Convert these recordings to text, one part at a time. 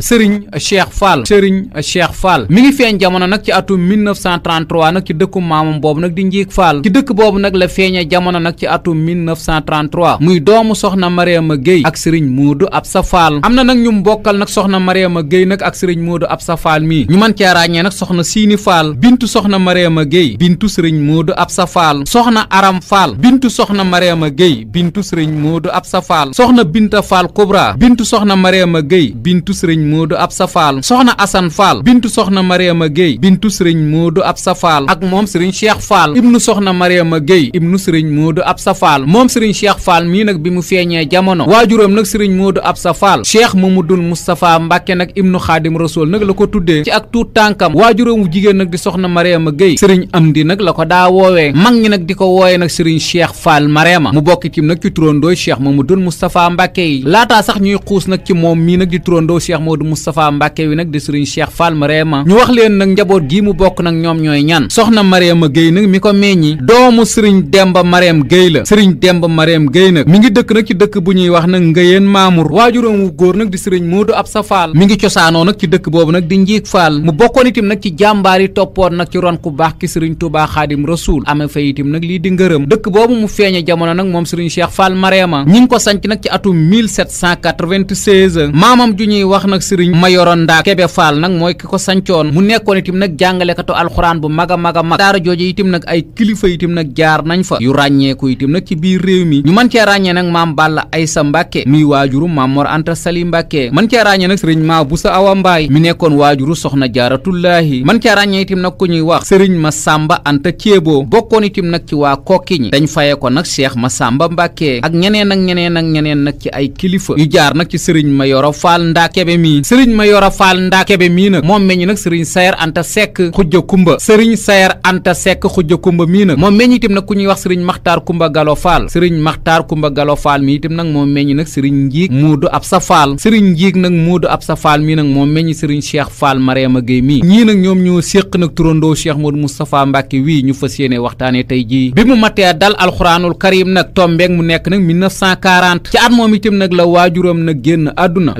Serigne Cheikh Fall Serigne Cheikh Fall mi ngi feeñ jamono nag ci atum 1933 nag ci dëkku maamam boobu nag di Njiig Fall ci dëkk boobu nag la feeñee jamono nag ci atum 1933 muy doomu soxna Mariama Guèye ak Serigne ab sa Fall am na nag ñu mbokkal nag soxna a Guèye nag ak Serigne Moodu Absa Fall mii ñu mën cee ràññee nag soxna Siini Fall bintu soxna a Guèye bintu Serigne Moodu Absa Fall soxna Aram Fall bintu soxna Mariama Guèye bintu Serigne Moodu Absa Fall soxna Binta Fall Kubra bintu soxna Mariama Guèye bintu Serigne Modou Absa Fall soxna Assane Fall bintu soxna Mariama Guèye bintu sëriñ Modou Absa Fall ak moom sëriñ Cheikh Fall ibnu soxna Mariama Guèye ibnu sëriñ Modou Absa Fall moom sëriñ Cheikh Fall mii nag bi mu feeñee jamono waajuram nag sëriñ Modou Absa Fall Cheikh Mamadul Moustapha Mbàkke nag ibnu Xaadim Rasul nag la ko tuddee ci ak tuut tànkam waajuram jigéen nag di soxna Mariama Guèye sëriñ Amdi nag la ko daa woowee mag ñi nag di ko woowee nag sëriñ Cheikh Fall Mariama mu bokk itam nag ci turandooy Cheikh Mamadul Moustapha Mbàkke yi laataa sax ñuy xuus nag ci moom mii nag di turandoo Cheikh Modou Moustapha Mbacke wi nag di Serigne Cheikh Fall Mariama ñu wax leen nag njaboot gii mu bokk nag ñoom ñooy ñan soxna Mariama Gueye nag mi ko meññi doomu Serigne Demba Mariam Gueye la Serigne Demba Mariam Gueye nag mi ngi dëkk nag ci dëkk bu ñuy wax nag Ngéyeen Mamour waajuram wu góor nag di Serigne Modou sa Fall mi ngi cosaanoo nag ci dëkk boobu nag di Njiig Fall mu bokkoon itam nag ci jàmbaar yi toppoon nag ci ron ku baax ki Serigne Touba Xaadim Rasoul amee fa itam nag lii di ngërëm dëkk boobu mu feeñe jamono nag moom Serigne Cheikh Fall Mariama ñi ngi ko sanc nag ci atum 1796 maamam ju ñuy wax sëriñ Mayoro Ndak Kebe Fall nag mooy ki ko sancoon mu nekkoon itam nag jàngalekatu alxuraan bu mag a mag a mag daara jooje itam nag ay kilifa itam nag jaar nañ fa yu ràññeeku itam nag ci biir réew mi ñu mën cee ràññee nag maam Balla Aysa Mbàkke miy waajuru maam Mor Anta Sali Mbàkke man cee ràññee nag sëriñ maa bu sa awa mbaay mi nekkoon waajuru soxna jaaratullaahi man cee ràññee itam nag ku ñuy wax sëriñ ma sàmba anta ceeboo bokkoon itam nag ci waa kokkiñ dañ faye ko nag cheikh ma sàmba mbàkke ak ñeneen ak ñeneen ak ñeneen nag ci ay kilifa yu jaar nag ci sëriñ Mayoro Fall Ndak Kebe mi yi sëriñ Mayora Fall Ndakebe mii nag moom meññi nag sëriñ Sayer Anta Seck xujja kumba sëriñ Sayer Anta Seck xujja kumba mii nag moom meññ itam nag ku ñuy wax sëriñ Maxtaar Kumba Galo Fall sëriñ Maxtaar Kumba Galo Fall mii itam nag moom meññi nag sëriñ Njiig Muudu Absa Fall sëriñ Njiig nag Muudu ab Fall mii nag moom meññi sëriñ Cheikh Fall Mariama Gueye mii ñii nag ñoom ñoo séq nag turandoo Cheikh Modou Moustapha Mbacke wii ñu fas yéene waxtaane tey jii bi mu matee dal alxuraanul karim nag tombeeg mu nekk nag 1940 ci at moom itam nag la waajuram na génn àdduna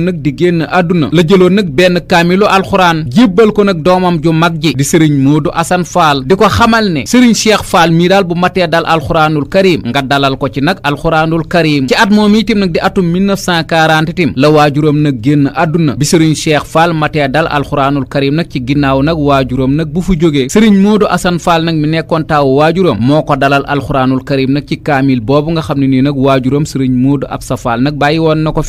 doom nag di génn àdduna la jëloon nag benn kaamilu alxuraan jébbal ko nag doomam ju mag ji di sëriñ du Assane faal di ko xamal ne sëriñ Cheikh Fall mii daal bu matee dal alxuraanul karim nga dalal ko ci nag alxuraanul karim ci at moom itam nag di atum 1940 itam la waajuram nag génn àdduna bi sëriñ Cheikh Fall matee dal alxuraanul karim nag ci ginnaaw nag waajuram nag bu fu jógee sëriñ Modou Assane Fall nag mi nekkoon taawu waajuram moo ko dalal alxuraanul karim nag ci kaamil boobu nga xam ne nii nag sëriñ Modou Absa Fall nag bàyyi woon na ko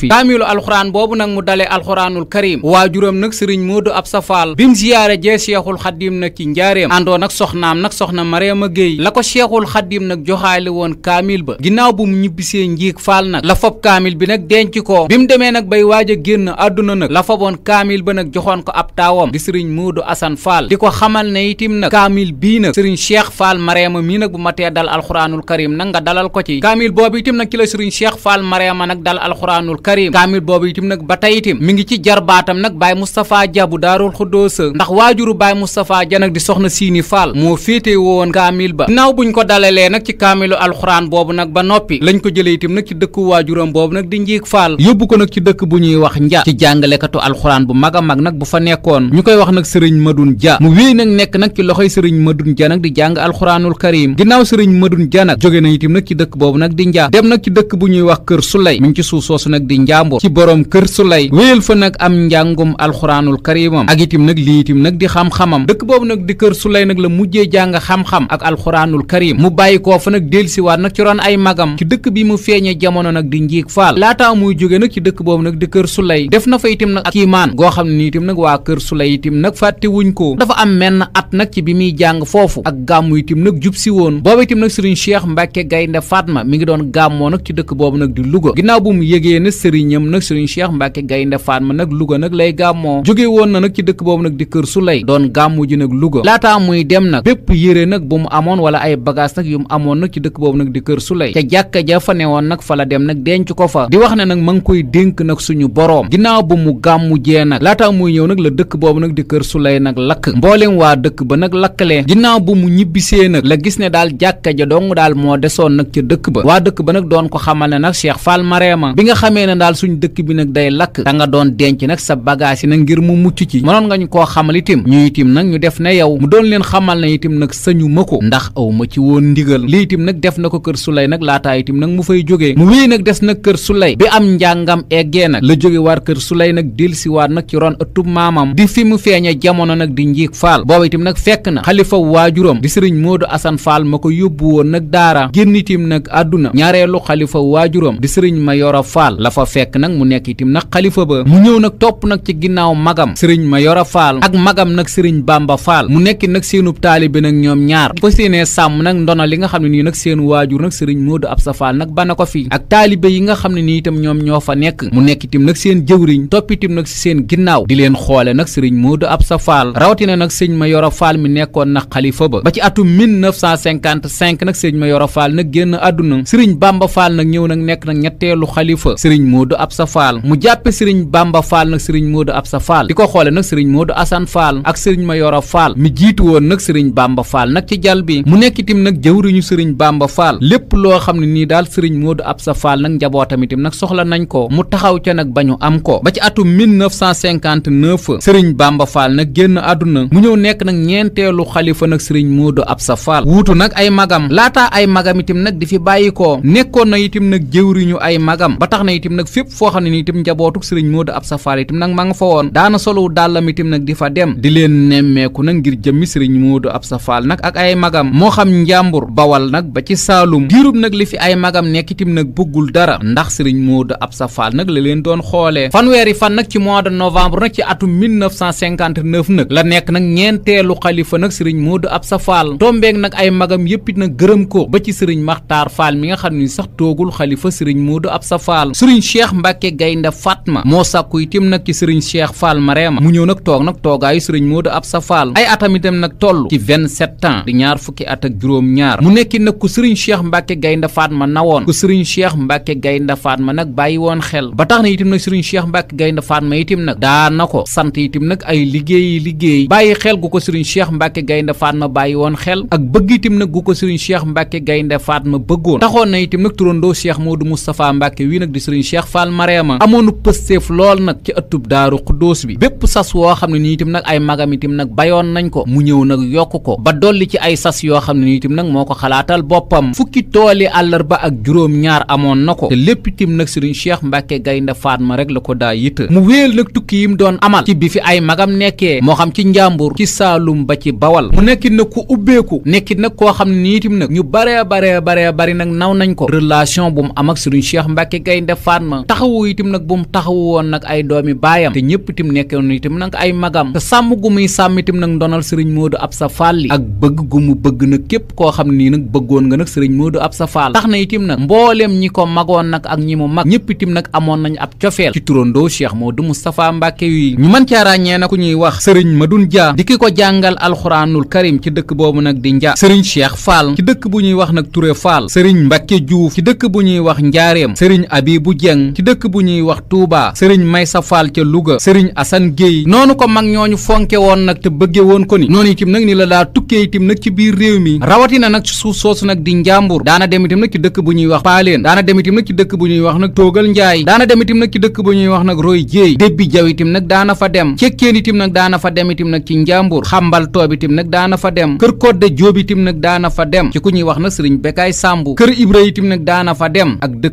nag mu dalee alxuraanul karim waajuram nag sëriñ Moodu Absa Faal bi mu ziyaare jee seexul xaddim nag ci njaareem àndoon ak soxnaam nag soxna Mariama Géey la ko seexul xaddim nag joxaale woon kaamil ba ginnaaw bu mu ñibbisee njiig faal nag la fob kaamil bi nag denc ko bi mu demee nag bay waaj a génn àdduna nag la foboon kaamil ba nag joxoon ko ab taawam di sëriñ Moodu Asan Faal di ko xamal ne itim nag kaamil bii nag sëriñ Cheikh Faal Mariama mii nag ma tee dal alxuraanul karim nag nga dalal ko ba tey itam mi ngi ci jarbaatam nag Baye Moustapha Dia bu daarul xuddoos ndax waajuru Baye Moustapha Dia nag di soxna Siini faal moo féete woon kaamil ba ginnaaw buñ ko dalalee nag ci kaamilu alxuraan boobu nag ba noppi lañ ko jëlee itam nag ci dëkku waajuram boobu nag di njiig Fall yóbbu ko nag ci dëkk bu ñuy wax nja ci jàngalekatu alxuraan bu mag a mag nag bu fa nekkoon ñu koy wax nag sëriñ Madoun Dia mu wéy nag nekk nag ci loxo sëriñ Madoun Dia nag di jàng alxuraanul karim ginnaaw sëriñ Madoun Dia jóge na itam nag ci dëkk boobu nag di njaa dem nag ci dëkk bu ñuy wax kër Sulay ci suuf soosu nag di njaambur ci borom kër Sulay wéyal fa nag am njàngum alxuraanul karimam ak itim nag lii itim nag di xam-xamam dëkk boobu nag di kër Sulay nag la mujjee jàng xam-xam ak alxuraanul karim mu bàyyi koo fa nag delsiwaat nag ci ron ay magam ci dëkk bi mu feeñe jamono nag di njiig faal laataa muy jóge nag ci dëkk boobu nag di kër Sulay def na fa itim nag ak kiimaan goo xam ne ni itim nag waa kër Sulay itim nag fàtte wuñ ko dafa am menn at nag ci bi muy jàng foofu ak gàmmu itim nag si woon boobu itim nag sëriñ Cheikh Mbacke mi ngi doon gàmmoo nag ci dëkk boobu nag di Louga Mbàkke Gaynde Fatma nag Louga nag lay gàmmoo jóge na nag ci dëkk boobu nag di Kër Suley doon gàmmu ji nag Louga laataa muy dem nag bépp yére nag bu mu amoon wala ay bagage nag yu mu amoon nag ci dëkk boobu nag di Kër Suley ca jàkka ja fa ne woon nag fa la dem nag denc ko fa ma ngi koy dénk nag bu mu gàmmu jee nag laataa muy ñëw nag la dëkk boobu nag di Kër Suley nag lakk mbooleem waa dëkk ba nag lakkale ginnaaw bu mu ñibbisee nag la gis ne daal jàkka ja dong daal moo desoon nag ca dëkk ba waa dëkk ba nag doon ko xamal ne nag Cheikh Fall Marema bi nga xamee ne daal suñu dëkk bi nag day lakk da nga doon denc nag sa bagage yi nag ngir mu mucc ci mënoon nga ñu koo xamal itim ñu itim nag ñu def ne yow mu doon leen xamal na itim nag sañu ma ko ndax aw ma ci woon ndigal lii itim nag def na ko kër sulay nag laataa itim nag mu fay jógee mu wéy nag des nag kër sulay bi am njàngam eggee nag la jóge waar kër sulay nag delsiwaat nag ci ron ëttub maamam di fi mu feeñe jamono nag di njiig faal booba itim nag fekk na xalifa waajuram di sëriñ Moodu Asan Faal ma ko yóbbu woon nag daara génn itim nag àdduna ñaareelu xalifa waajuram di sëriñ Mayoro Faal la fa xalifa ba mu ñëw nag topp nag ci ginnaaw magam sëriñ Mayoro Fall ak magam nag sëriñ bàmba Fall mu nekk nag seenub taalibe nag ñoom ñaar fas yéenee sàmm nag ndono li nga xam ne nii nag seen waajur nag sëriñ Modou Absa Fall nag bana ko fi ak taalibe yi nga xam ne nii itam ñoom ñoo fa nekk mu nekk itam nag seen jëwriñ topp itam nag si seen ginnaaw di leen xoole nag sëriñ Modou Absa Fall rawatina nag sëñ Mayoro Fall mi nekkoon nag xalifa ba ba ci atum 1955 nag sëñ Mayoro Fall nag génn àdduna sëriñ Bamba Fall nag ñëw nag nekk nag ñetteelu xalifa sëriñ Modou Absa jàppe sëriñ Bamba Fall nag sëriñ Modou Absa Fall di ko xoole nag sëriñ Modou Assane faal ak sëriñ Mayoro Fall mi jiitu woon nag sëriñ Bamba Fall nag ci jal bi mu nekk itam nag jëwriñu sëriñ Bamba Fall lépp loo xam ne nii daal sëriñ Modou Absa Fall nag njabootam itam nag soxla nañ ko mu taxaw ca nag ba ñu am ko ba ci atum 1959 sëriñ Bamba Fall nag génn àdduna mu ñëw nekk nag ñeenteelu xalifa nag sëriñ Modou sa Fall wuutu nag ay magam laataa ay magam itam nag di fi bàyyi ko nekkoon na itam nag jëwriñu ay magam ba tax na itam nag fépp foo xam njabootuk sëriñ Moodu Absa Fall itam nag ma nga fa woon daana solowu dàllam itam nag di fa dem di leen nemmeeku nag ngir jëmmi sëriñ Moodu Absa Fall nag ak ay magam moo xam njàmbur bawal nag ba ci saalum diirub nag li fi ay magam nekk itam nag bëggul dara ndax sëriñ Moodu sa Fall nag la leen doon xoolee fanweeri fan nag ci mois de novembre nag ci atum 1959 nag la nekk nag ñeenteelu xalifa nag sëriñ Moodu Absa Fall tombeeg nag ay magam yëpp it nag gërëm ko ba ci sëriñ Maxtaar Fall mi nga xam ni sax xalifa sëriñ Moodu Fatma moo sàkku itam nag ci sëriñ Cheikh Fall Marema mu ñëw nag toog nag toogaayu sëriñ Modou Absa Fall ay atam itam nag toll ci vingt-sept di ñaar fukki at ak juróom-ñaar mu nekki nag ku sëriñ Cheikh Mbacke Gaynde Fatma nawoon ku sëriñ Cheikh Mbacke Gaynde Fatma nag bàyyi woon xel ba tax na itam nag sëriñ Cheikh Mbacke Gaynde Fatma itam nag daa na ko sant itam nag ay liggéeyi liggéey bàyyi xel gu ko sëriñ Cheikh Mbacke Gaynde ma bàyyi woon xel ak bëgg itam nag gu ko sëriñ Cheikh Mbacke Gaynde Fatma bëggoon taxoon na itam nag turandoo Cheikh Modou Moustapha Mbacke wi nag di sëriñ Cheikh Fall pësteef lool nag ci ëttub daaru xuddoos bi bépp sas woo xam ne nii itam nag ay magam itam nag bayoon nañ ko mu ñëw nag yokk ko ba dolli ci ay sas yoo xam ne nii itam nag moo ko xalaatal boppam fukki tooli àllarba ak juróom-ñaar amoon na ko te lépp itam nag sëriñ Cheikh Mbacke Gaynde ma rek la ko daa yitte mu wéel nag tukki yi mu doon amal ci bi fi ay magam nekkee moo xam ci njàmbur ci saalum ba ci bawal mu nekkit nag ko ubbeeku nekkit nag koo xam ne nii itam nag ñu baree baree baree bari nag naw nañ ko relation bu mu am ak sëriñ Cheikh Mbacke Gaynde Fatma taxawu itam nag bu taxawu woon nag ay doomi baayam te ñëpp itam nekkoon itam nag ay magam te sàmm gu muy sàmm itam nag ndonal sëriñ Modou Absa Fall ak bëgg gu mu bëgg nag képp koo xam nii nag bëggoon nga nag sëriñ Modou Absa Fall tax na itam na mbooleem ñi ko magoon nag ak ñi mu mag ñëpp itam nag amoon nañu ab cofeel ci turandoo Cheikh Modou Moustapha Mbacke yi ñu mën caa ràññee nag ku ñuy wax sëriñ Madoun Dia di ki ko jàngal alxuraanul karim ci dëkk boobu nag di Ndia sëriñ Cheikh Fall ci dëkk bu ñuy wax nag Touré Fall sëriñ Mbacke Diouf ci dëkk bu ñuy wax Njaareem sëriñ bu jen ci dëkk bu ñuy wax Touba sëriñ Maysa Fall ca Louga sëriñ Assane Guèye noonu ko mag ñooñu fonke woon nag te bëgge woon ko ni noonu nag ni la daa tukkee itam nag ci biir réew mi rawatina nag suuf soosu nag di njàmbur daana dem itam nag ci dëkk bu ñuy wax Paaleen daana dem itam nag ci dëkk bu ñuy wax nag Toogal Njaay daana dem itam nag ci dëkk bu ñuy wax nag Roy Jéey débbi jaw itam nag daana fa dem cekkeen itam nag daana fa dem nag ci njàmbur xambal toob nag daana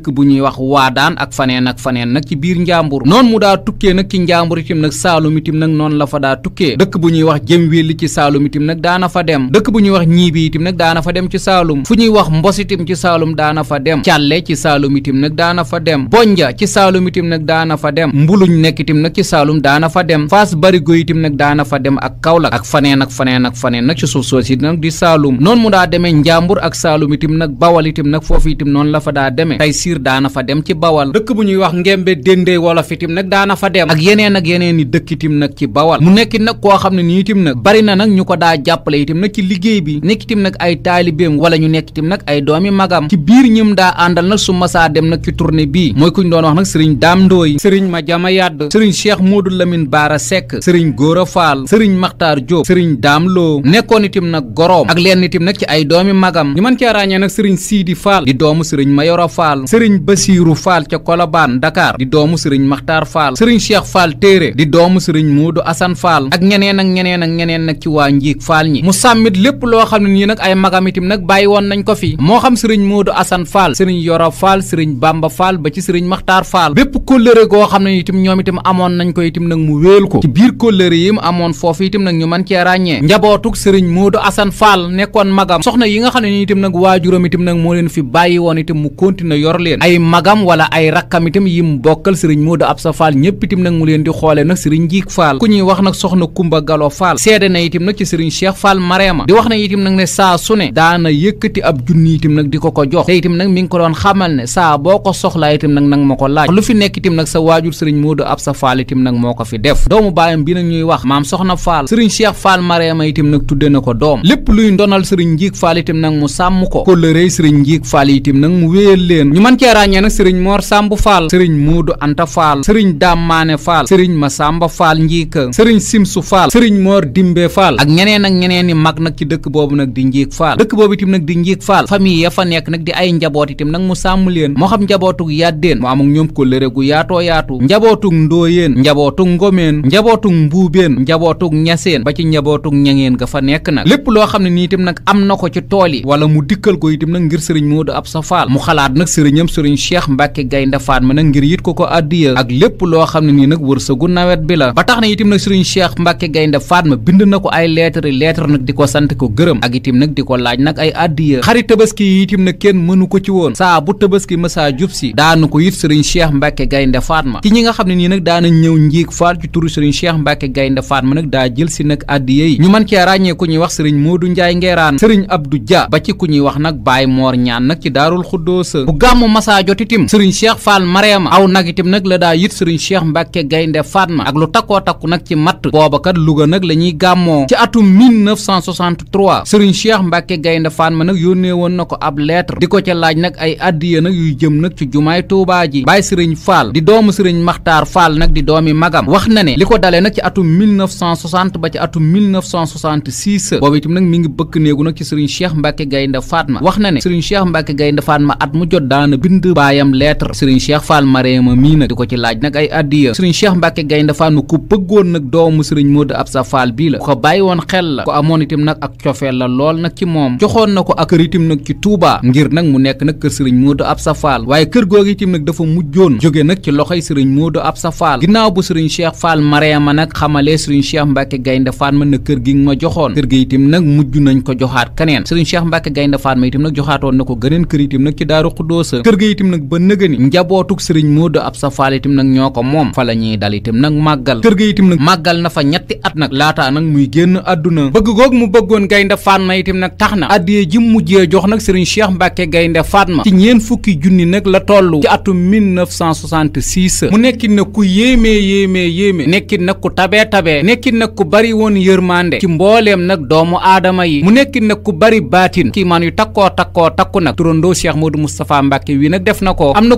bu ñuy wax Waadaan ak faneen ak faneen nag biir njàmbur noonu mu daa tukkee nag ci njàmbur itam nag saalum itam nag noonu la fa daa tukkee dëkk bu ñuy wax jëm wéli ci saalum itam nag daana fa dem dëkk bu ñuy wax ñiibi itam nag daana fa dem ci saalum fu ñuy wax mbos itam ci saalum daana fa dem càlle ci saalum itam nag daana fa dem bonja ci saalum itam nag daana fa dem mbuluñ nekk itam nag ci saalum daana fa dem faas barigo itam nag daana fa dem ak Kaolack ak faneen ak faneen ak faneen nag ci suuf soosi nag di saalum noon mu daa demee njàmbur ak saalumitim nag bawal nag foofu itam noonu la fa daa demee tey siir daana fa dem ci bawal dundee wolof itam nag daana fa dem ak yeneen ak yeneen i dëkk itam nag ci bawal mu nekkit nag koo xam ne nii itam nag bari na nag ñu ko daa jàppale itam nag ci liggéey bi nekk itam nag ay taalibeem wala ñu nekk itam nag ay doomi magam ci biir ñim daa àndal nag su masaa dem nag ci turne bi mooy kuñ doon wax nag sëriñ Daam Ndooy sëriñ Madiama Yadd sëriñ Cheikh Modou Lamine Baara Seck sëriñ Gora faal sëriñ Makhtar Diop sëriñ Daam Lo nekkoon itam nag goroom ak leen itam nag ci ay doomi magam ñu mën cee ràññee nag sëriñ Sidi Fall doomu sëriñ Mayoro Fall sëriñ Basiiru sëriñ Maxtaar Faal sëriñ Cheikh Faal téere di doomu sëriñ Muudu Asan Faal ak ñeneen ak ñeneen ak ñeneen nag ci waa Njiig Faal ñi mu sàmmit lépp loo xam ne nii nag ay magam itam nag ba ci sëriñ Maxtaar Faal bépp kóllëre goo xam ne itam ñoom itam amoon nañ ko itam nag mu wéel ko ci biir kóllëre yi mu amoon foofu itam nag ñu mën cee ràññee njabootug sëriñ Muudu Asan Faal nekkoon magam soxna yi nga xam ne nii itam nag waajuram itam nag moo leen fi bàyyi woon itam mu continuer yor leen ay magam wala ay rakkam itam yi mu bokkal sëriñ Modou Absa Fall ñëpp itam nag mu leen di xoole nag sëriñ Jiik Fall na itam nag ci na itam ab ko ko jox te itam nag mi ngi ko ko soxlaa itam nag nag ma ko laaj lu sa waajur sëriñ Modou Absa Fall nag moo ko fi def doomu baayam bi nag ñuy wax maam soxna Fall sëriñ Cheikh Fall Marema itam nag na ko doom lépp luy ndonal sëriñ Jiik Fall itam nag mu sàmm ko kóllëre sëriñ Jiik Fall itam nag mu wéyal leen ñu mën cee ràññee nag sëriñ Mor Samb Fall sëriñ Modou Anta Faal sëriñ Daam Maane Faal sëriñ Masamba Faal Njiika sëriñ Simsu Faal sëriñ Moor Dimbe Faal ak ñeneen ak ñeneen i mag nag ci dëkk boobu nag di Njiig Faal dëkk boobu itam nag di Njiig Faal famille ya fa nekk nag di ay njaboot itam nag mu sàmm leen moo xam njabootug yàddeen mu am ñoom ko lëre gu yaatoo yaatu njabootug ndóoyeen njabootug ngomeen njabootug mbuubeen njabootug ñaseen ba ci njabootug ñangeen ga fa nekk nag lépp loo xam ne nii itam nag am na ko ci tool yi wala mu dikkal ko itam nag ngir sëriñ Moodu Absa Faal xalaat nag sëriñam sëriñ Cheikh Mbàkke ko addiya ak lépp loo xam ne nii nag wërsëgu nawet bi la ba tax na itam nag sëriñ Cheikh Mbacke Gaynde Fatma bind na ko ay lettre lettre nag di ko sant ko gërëm ak itam nag di ko laaj nag ay addiya xari tabaski yi itam nag kenn mënu ko ci woon saa bu tabaski mësaa jub si daanu ko it sëriñ Cheikh Mbacke Gaynde Fatma ci ñi nga xam ne nii nag daana ñëw njiig faal ci turu sëriñ Cheikh Mbacke Gaynde Fatma nag daa jël si nag addiya yi ñu mën cee ràññee ku ñuy wax sëriñ ñuy wax nag Baye Mor ñaan nag ci daarul xuddoosa bu gàmmu masaa jot itim sëriñ Cheikh Fall Marema aw nag nag la daa yit sëriñ cheikh mbàkke gaynde fatma ak lu takkoo takku nag ci matt booba luga nag la ñuy gàmmoo ci atum 1963 sëriñ cheikh mbàkke gaynde fatma nag yónnee woon na ko ab lettre di ko ca laaj nag ay addiya nag yuy jëm nag ci jumaay tuubaa ji bàyyi sëriñ faal di doomu sëriñ maxtaar faal nag di doomi magam wax na ne li ko dalee nag ci atum 1960 ba ci atum 1966 boobu itam nag mi ngi bëkk néegu nag ci sëriñ cheikh mbàkke gaynde fatma wax na ne sëriñ cheikh mbàkke gaynde fatma at mu jot daana bind baayam lettre sëriñ cheikh diine di ko ci laaj nag ay addiya sëriñ Cheikh Mbacke Gaynde Fatma ku bëggoon nag doomu sëriñ Modou Absa Fall bii la ko bàyyi woon xel la ko amoon itam nag ak cofeel la lool nag ci moom joxoon na ko ak kër itam nag mu nekk nag kër sëriñ Modou Absa waaye kër googu itam nag dafa mujjoon jóge nag ci loxoy sëriñ Modou Absa Fall ginnaaw bu sëriñ Cheikh Fall Mariama nag xamalee sëriñ Cheikh Mbacke Gaynde Fatma na kër gi ma joxoon kër gi itam nag mujj nañ ko joxaat keneen sëriñ Cheikh Mbacke Gaynde Fatma na ko gëneen kër itam nag ci ba nëgëni njabootug sëriñ Modou Absa Moussa Fall itam nag ñoo ko moom fa la ñuy dal itam nag màggal kër ga itam nag màggal na fa ñetti at nag laataa nag muy génn àdduna bëgg goog mu bëggoon gaynde Fatma itam nag tax na addiyee ji mujjee jox nag Serigne Cheikh Mbacke gaynde Fatma ci ñeen fukki junni nag la toll ci atum 1966 mu nekkit nag ku yéemee yéemee yéemee nekkit nag ku tabee tabee nekkit nag ku bari woon yërmande ci mbooleem nag doomu aadama yi mu nekkit nag ku bari baatin kii maan yu takkoo takkoo takku nag turandoo Cheikh Modou Moustapha Mbacke wi na ko am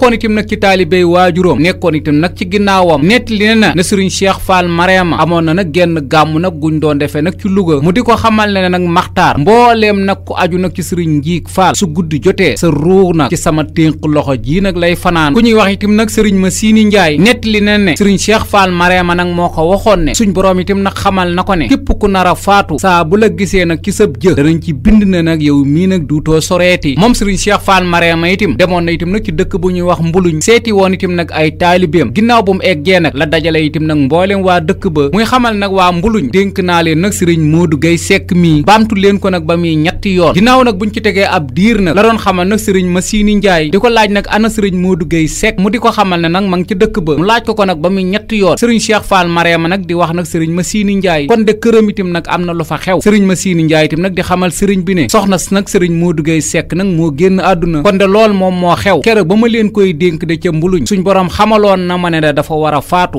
bokkoon itam nag ci taalibey waajuróom nekkoon itam nag ci ginnaawam netti li ne na ne sëriñ Cheikh Fall Marema amoon na nag genn gàmm nag guñ doon defee nag ci Louga mu di ko xamal ne nag maxtaar mbooleem nag ku aju nag ci sëriñ Njiig Fall su guddi jotee sa ruux nag ci sama ténk loxo jii nag lay fanaan ku ñuy wax itam nag sëriñ ma siini Njaay netti li ne ne sëriñ Cheikh Fall Marema nag moo ko waxoon ne suñ boroom itam nag xamal na ko ne képp ku nar faatu saa bu la gisee nag ci sab jë danañ ci bind ne nag yow mii nag duutoo soreeti moom sëriñ Cheikh Fall Marema itam demoon na itam nag ci dëkk bu ñuy wax mbuluñ seeti woon itam nag ay taalibeem ginnaaw bu mu eggee nag la dajale itam nag mbooleem waa dëkk ba muy xamal nag waa mbuluñ dénk naa leen nag sëriñ Modou Gueye Seck mii baamtu ko nag ba muy ñetti yoon ginnaaw nag bu buñ ci tegee ab diir nag la doon xamal nag sëriñ Massini Ndiaye di ko laaj nag ana sëriñ Modou Gueye Seck mu di ko xamal ne nag ma ngi ci dëkk ba mu laaj ko ko nag ba muy ñetti yoon sëriñ Cheikh Fall Marema nag di wax nag sëriñ Massini Ndiaye kon de këram itam nag am na lu fa xew sëriñ Massini Ndiaye itam nag di xamal sëriñ bi ne soxna nag sëriñ Modou Gueye moo génn àdduna kon de lool moom moo xew keroog koy dénk de ca mbuluñ suñ borom xamaloon na ma ne da dafa war bu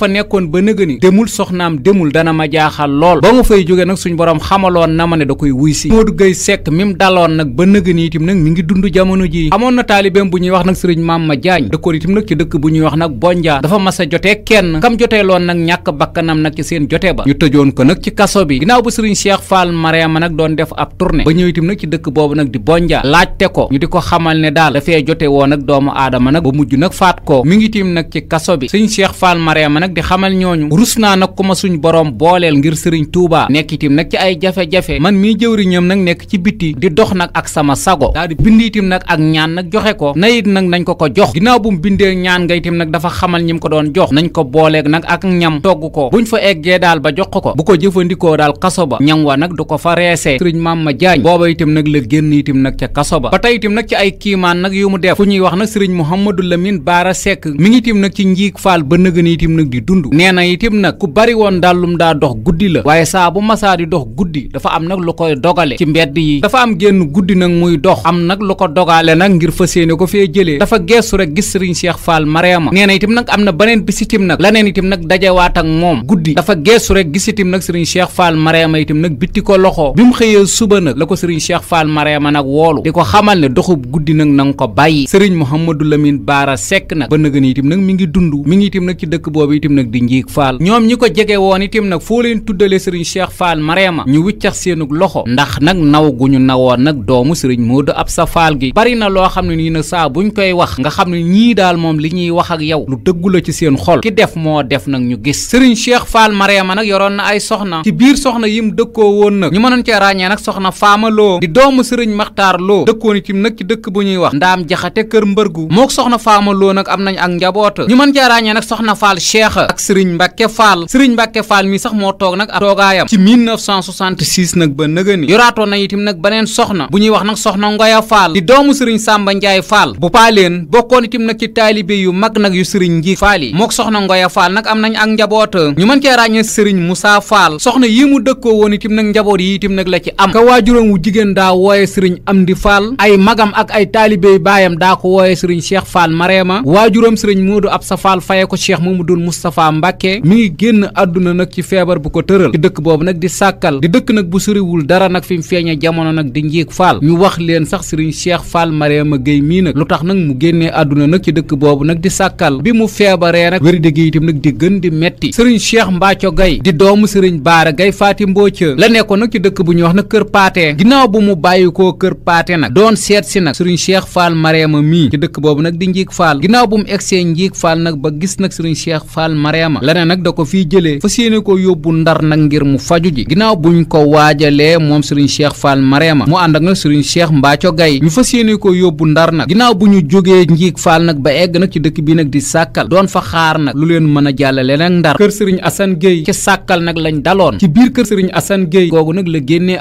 fa nekkoon ba nëgëni demul soxnaam demul dana ma jaaxal lool ba mu fay jóge nag suñ borom xamaloon na ma da koy wuy si Modou Gueye Seck mi mu daloon nag ba nëgëni itam nag mi ngi dund jamono ji amoon na taalibeem bu ñuy wax nag sëriñ Mama Diagne dëkkoon itam nag ci dëkk bu ñuy wax nag Bondia dafa mas a jotee kenn kam jotee loon nag ñàkk bakkanam nag ci seen jote ba ñu tëjoon ko nag ci kaso bi ginnaaw bu sëriñ Cheikh Fall Mariama nag doon def ab tournée ba ñëw itam nag ci dëkk boobu nag di Bondia laajte ko ñu di ko xamal ne daal dafee jote woon ak doomu aadama nag ba mujj nag faat ko mi ngi tiim nag ci kaso bi sëñ Cheikh Fall Mariama nag di xamal ñooñu rus naa nag ku ma suñu boroom booleel ngir sëriñ Touba nekk itim nag ci ay jafe-jafe man mii jëwriñam nag nekk ci biti di dox nag ak sama sago daal di bind nag ak ñaan nag joxe ko nayit nag nañ ko ko jox ginnaaw bu mu bindee ñaan nga itim nag dafa xamal ñi mu ko doon jox nañ ko booleeg nag ak ñam togg ko buñ fa eggee daal ba jox ko ko bu ko jëfandikoo daal kaso ba ñam nag du ko fa reesee sëriñ Mama Jaañ booba itim nag la génn itim nag ca kaso ba nag ci ay kiimaan nag yu mu def ku ñuy wax nag sëriñ Mouhamadou Lamine Baara Seck mi ngi tim nag ci njiig faal ba nëgën itim nag di dund nee na nag ku bari woon dàllum daa dox guddi la waaye saa bu masaa di dox guddi dafa am nag lu koy dogale ci mbedd yi dafa am génn guddi nag muy dox am nag lu ko dogale nag ngir fas yéene ko fee jëlee dafa geestu rek gis sëriñ Cheikh Fall Mariama nee na nag am na beneen bis itim nag laneen itim nag dajewaat ak moom guddi dafa geestu rek gis itim nag sëriñ Cheikh Fall Mariama itim nag bitti ko loxo bi mu xëyee la ko sëriñ Cheikh Fall Mariama nag doxub guddi nag na nga ko bàyyi sëriñ Mouhamadou Lamine Baara Seck nag ko jege woon itam nag foo leen tuddalee sëriñ Cheikh loxo ndax nag naw gu ñu nawoon nag doomu sëriñ moo Modou sa Fall gi bari na loo xam ne nii nag saa buñ koy wax nga xam ne ñii daal moom li ñuy wax ak yow lu dëggula ci seen xol ki def moo def nag ñu gis sëriñ Cheikh Fall Marema nag yoroon na ay soxna ci biir soxna yim dëkkoo woon nag ñu mënoon cee ràññee nag soxna Faama Lo di doomu sëriñ Maxtaar Lo dëkkoon itam nag ci dëkk bu ñuy wax ndaam jaxate kër mbërgu mook soxna faama ak moo toog nag ak toogaayam ci 1966 bu ñuy wax nag soxna ngoya faal di doomu sëriñ sàmba njaay faal bu paaleen yu mag nag yu sëriñ nji faal yi mook soxna am nañ ak njaboota ñu mën cee ràññee sëriñ musaa faal soxna yi mu dëkkoo woon itam nag njaboot yi itam nag la ci am ka waajuram wu jigéen daa wooye sëriñ amdi faal ay magam magam ak ay taalibey baayam daa ko wooye sëriñ Cheikh Fall Marema waajuram sëriñ Modou Absa Fall faye ko mu Mamadou Moustapha Mbacke mi ngi génn àdduna nag ci feebar bu ko tëral ci dëkk boobu nag di sàkkal di dëkk nag bu soriwul dara nag fi mu feeñe jamono nag di njiig Fall ñu wax leen sax sëriñ Cheikh Fall Marema Guèye mii nag lu tax nag mu génnee àdduna nag ci dëkk boobu nag di sàkkal bi mu feebaree nag wér di itam nag di gën di metti sëriñ Cheikh Mbacco Guèye di doomu sëriñ Baara Guèye Fatim Mbocca la nekkoon nag ci dëkk bu ñuy wax nag kër paate ginnaaw si nag sëriñ Cheikh Fall Mariama mii ci dëkk boobu nag di Njiig Fall ginnaaw bu mu egsee Njiig Fall nag ba gis nag sëriñ Cheikh Fall Mariama leneen nag da ko fiy jëlee fas yéene ko yóbbu ndar nag ngir mu faju ji ginnaaw bu buñ ko waajalee moom sëriñ Cheikh Fall Mariama mu ànd ak nag sëriñ Cheikh Mbaaco Gay ñu fa yéene ko yóbbu ndar nag ginnaaw bu ñu jógee Njiig Fall nag ba egg nag ci dëkk bi nag di sàkkal doon fa xaar nag lu leen mën a jàllale nag ndar kër sëriñ Assane Gueye ci sàkkal lañ daloon ci biir kër sëriñ Assane Gueye nag la génnee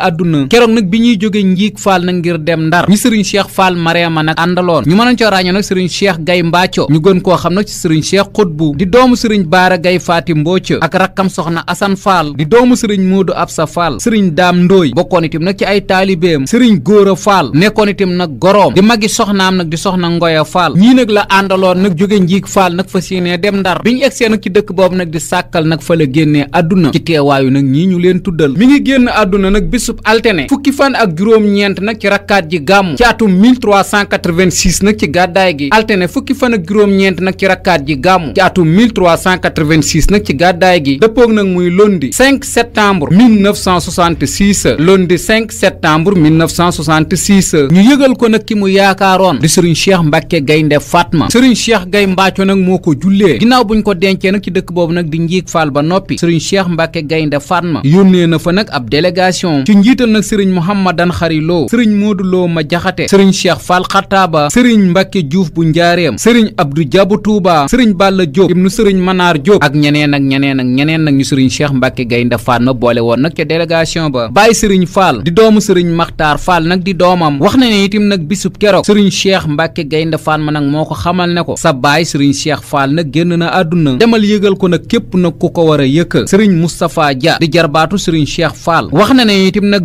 Cheikh Fall Mariama nag àndaloon ñu mënoon coo ràññee nag sëriñ Cheikh Gay Mbacco ñu gën koo xam nag ci sëriñ Cheikh Xutbu di doomu sëriñ Baara Gay Faati Mbocco ak rakkam soxna Asan Fall di doomu sëriñ Moodu Absa Fall sëriñ Daam Ndooy bokkoon itam nag ci ay taalibeem sëriñ Góora Fall nekkoon nag goroom di magi soxnaam nag di soxna Ngoya Fall ñii nag la àndaloon nag jóge njiig Fall nag fas yéenee dem Ndar bi ñu egsee nag ci dëkk boobu nag di sàkkal nag fa la génnee àdduna ci teewaayu nag ñii ñu 1386 nag ci gàddaay gi altine fukki fan ak juróom-ñeent nag ci rakkaat ji gàmmu ci atum 1386 nag ci gàddaay gi dëppoog nag muy lundi 5 septembre lon lundi 5 septembre 1966 ñu yëgal ko nag ki mu yaakaaroon di sëriñ Cheikh Mbacke Gaynde Fatma sëriñ Cheikh Gay Mbacco nag moo ko jullee ginnaaw buñ ko dencee nag ci dëkk boobu nag di njiig faal ba noppi sëriñ Cheikh Mbacke Gaynde Fatma yónnee na fa nag ab délégation ci njiital nag sëriñ Mouhamadan Xari Lo sëriñ Modou Lo ma jaxate sëriñ cheikh fall xataaba sëriñ mbàkke juuf bu njaareem sëriñ abdu jabu tuuba sëriñ balla jóob ibnu sëriñ manaar jóob ak ñeneen ak ñeneen ak ñeneen nag ñu sëriñ cheikh mbàkke gaynde fatma boole woon nag ca délégation ba bàyyi sëriñ fall di doomu sëriñ maxtaar fall nag di doomam wax na ne itim nag bisub keroog sëriñ cheikh mbàkke gaynde fatma nag moo ko xamal ne ko sa baay sëriñ cheikh fall na génn na àdduna demal yëgal ko nag képp nag ko war a yëkkal sëriñ moustapha dia di jarbaatu sëriñ cheikh fall wax na ne itim nag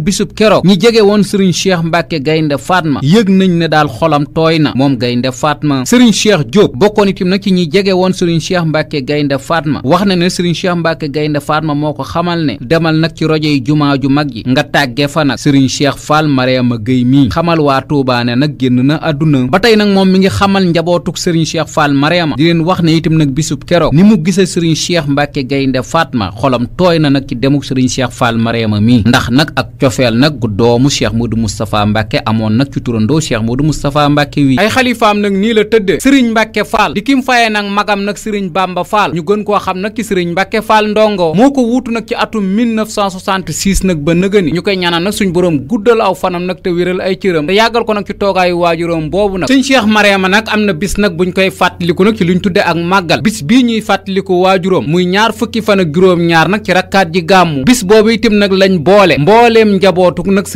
yëg nañ ne daal xolam tooy na moom gaynde Fatma Serigne Cheikh Diop bokkoon itam nag ci ñi jege woon Serigne Cheikh Mbacke gaynde Fatma wax na ne Serigne Cheikh Mbacke gaynde Fatma moo ko xamal ne demal nag ci rajo yi jumaa ju mag yi nga tàggee fa nag Serigne Cheikh Fall Mariama Guèye mii xamal waa Touba nag génn na àdduna ba tey nag moom mi ngi xamal njabootug Serigne Cheikh Fall Mariama di leen wax ne itam nag bisub keroog ni mu gisee Serigne Cheikh Mbacke gaynde Fatma xolam tooy na nag ci demuk Serigne Cheikh Fall Mariama mii ndax nag ak cofeel nag gu doomu Cheikh Modou Moustapha Mbacke amoon nag ci turan turandoo Cheikh Modou Moustapha Mbacke ay xalifaam nag nii la tëdde sëriñ Mbacke Fall di kim fayee nag magam nag sëriñ Bamba Fall ñu gën koo xam nag ci sëriñ Mbacke Fall ndongo moo ko wuutu nag ci atum 1966 nag ba nëgëni ñu koy ñaanal nag suñ borom guddal aw fanam nag te wéral ay cëram te yàggal ko nag ci toogaayu waajuróom boobu nag sëñ Cheikh Mariama nag am na bis nag buñ koy fàttaliku nag ci luñ tudde ak màggal bis bii ñuy fàttaliku waajuróom muy ñaar fukki fan ak ñaar nag ci rakkaat ji gàmmu bis boobu itam nag lañ boole mbooleem njabootu nag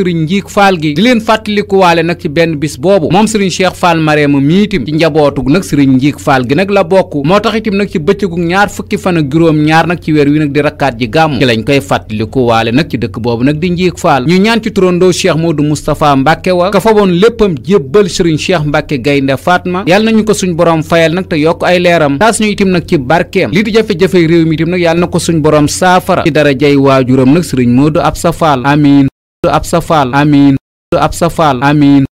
benn bis boobu moom sëriñ Cheikh Fall Marème mii itam ci njabootug nag sëriñ Njiig Fall gi nag la bokk moo tax itam nag ci bëccëgu ñaar fukki fan ak juróom-ñaar nag ci weer wi nag di rakkaat ji gàmm ci lañ koy fàttaliku waale nag ci dëkk boobu nag di Njiig Fall ñu ñaan ci turandoo Cheikh Modou Moustapha Mbacke wa ka léppam jébbal sëriñ Cheikh Mbacke Gaynde Fatma yàlla nañu ko suñ borom fayal nag te yokk ay leeram taas ñu itam nag ci barkeem lii di jafe-jafe réew mi itam nag yàlla na ko suñ borom saafara ci dara jay waajuram nag sëriñ Modou Absa Fall amiin Absa Fall amiin Absa Fall